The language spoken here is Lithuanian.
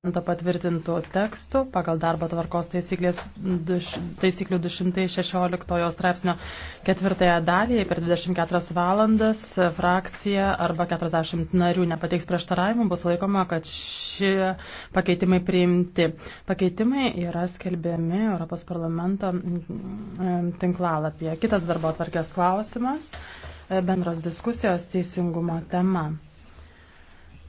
parlamento patvirtintų tekstų pagal darbo tvarkos taisyklės, duš, taisyklių 216 straipsnio ketvirtąją dalį per 24 valandas frakcija arba 40 narių nepateiks prieštaravimų, bus laikoma, kad šie pakeitimai priimti. Pakeitimai yra skelbiami Europos parlamento mm, tinklalapyje. Kitas darbo tvarkės klausimas - bendros diskusijos teisingumo tema.